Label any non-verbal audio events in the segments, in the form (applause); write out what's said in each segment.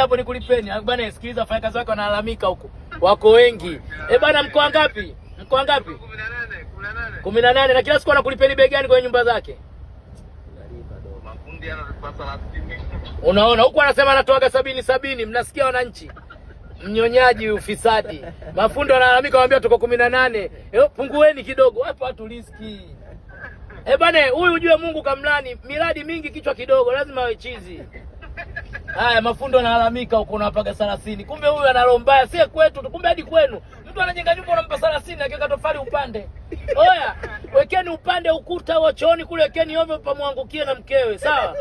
hapo ni kulipeni ah, bana. Sikiliza, wafanyakazi wake wanalalamika huko, wako wengi e bwana, mko ngapi? Mko ngapi? kumi na nane na kila siku anakulipeni bei gani kwenye nyumba zake? Unaona huku anasema anatoaga sabini sabini. Mnasikia wananchi, mnyonyaji, ufisadi. Mafundi wanalalamika, wambia tuko kumi na nane, eh, pungueni kidogo. Wapo watu riski Eh, bane, Huyu ujue Mungu kamlani, miradi mingi kichwa kidogo, lazima awe chizi. Haya, mafundo analalamika huko, unawapaga thelathini, kumbe huyu ana roho mbaya, sie kwetu, kumbe hadi kwenu. Mtu anajenga nyumba unampa thelathini, akiweka tofali upande. Oya, wekeni upande ukuta wa chooni kule, wekeni ovyo, pamwangukie na mkewe, sawa?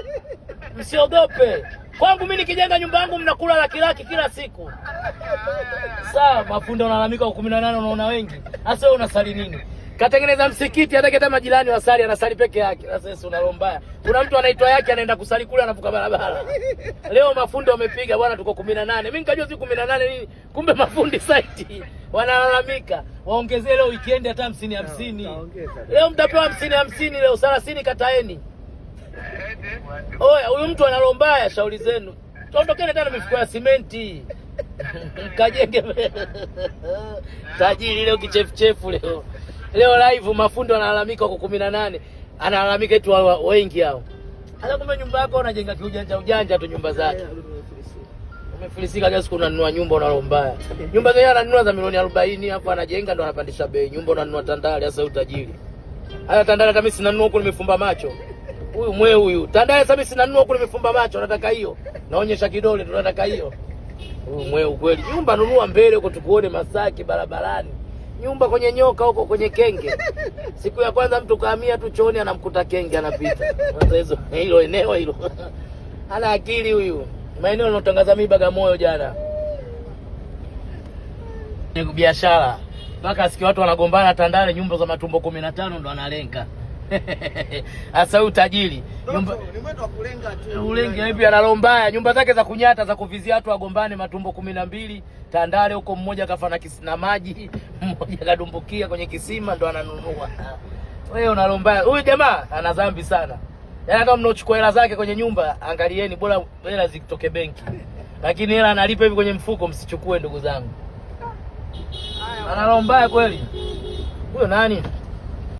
Msiogope kwangu, mi nikijenga nyumba yangu mnakula laki laki kila siku, sawa? Mafundo analalamika kwa kumi na nane, unaona wengi hasa. Wewe unasali nini? katengeneza msikiti, hata majirani wasali, anasali peke yake. Sasa sisi una unalombaya, kuna mtu anaitwa yake, anaenda kusali kule, anavuka barabara. Leo mafundi wamepiga bwana, tuko 18. Mimi nikajua siku 18 nini, kumbe mafundi site wanalalamika, waongezee leo weekend hata 50 50. Leo mtapewa 50 50, leo 30 kataeni. Oya, huyu mtu ana roho mbaya, shauri zenu, tuondokeni tena mifuko ya simenti (laughs) Kajenge (laughs) tajiri leo kichefuchefu leo Leo live mafundo analalamika kwa kumi na nane, analalamika eti wengi hao. Hata kumbe nyumba yako unajenga kiujanja ujanja tu nyumba zake. Umefilisika kiasi unanunua nyumba mbaya. Nyumba zenyewe ananunua za milioni 40 hapo anajenga ndo anapandisha bei. Nyumba unanunua tandale sasa utajiri. Haya tandale hata mimi sinanunua huko nimefumba macho. Huyu mwe huyu. Tandale sasa mimi sinanunua huko nimefumba macho nataka hiyo. Naonyesha kidole tunataka hiyo. Huyu mwe ukweli. Nyumba nunua mbele huko tukuone Masaki barabarani nyumba kwenye nyoka huko kwenye kenge. Siku ya kwanza mtu kahamia tu chooni, anamkuta kenge anapita. Hizo hilo eneo hilo (laughs) hana akili huyu. Maeneo yanotangaza mimi Bagamoyo jana biashara mpaka asikia watu wanagombana Tandale, nyumba za matumbo kumi na tano ndo analenga. (laughs) Sasa huyu tajiri ulenge hivi ana roho mbaya, nyumba zake za kunyata za kuvizia watu wagombane, matumbo kumi na mbili Tandale huko, mmoja kafana na maji, (laughs) mmoja kadumbukia kwenye kisima, ndo ananunua. Wewe una roho mbaya, huyu jamaa ana dhambi sana. Yaani hata mnaochukua hela zake kwenye nyumba, angalieni bora hela zitoke benki, lakini hela analipa hivi kwenye mfuko, msichukue ndugu zangu. Ana roho mbaya kweli huyo nani?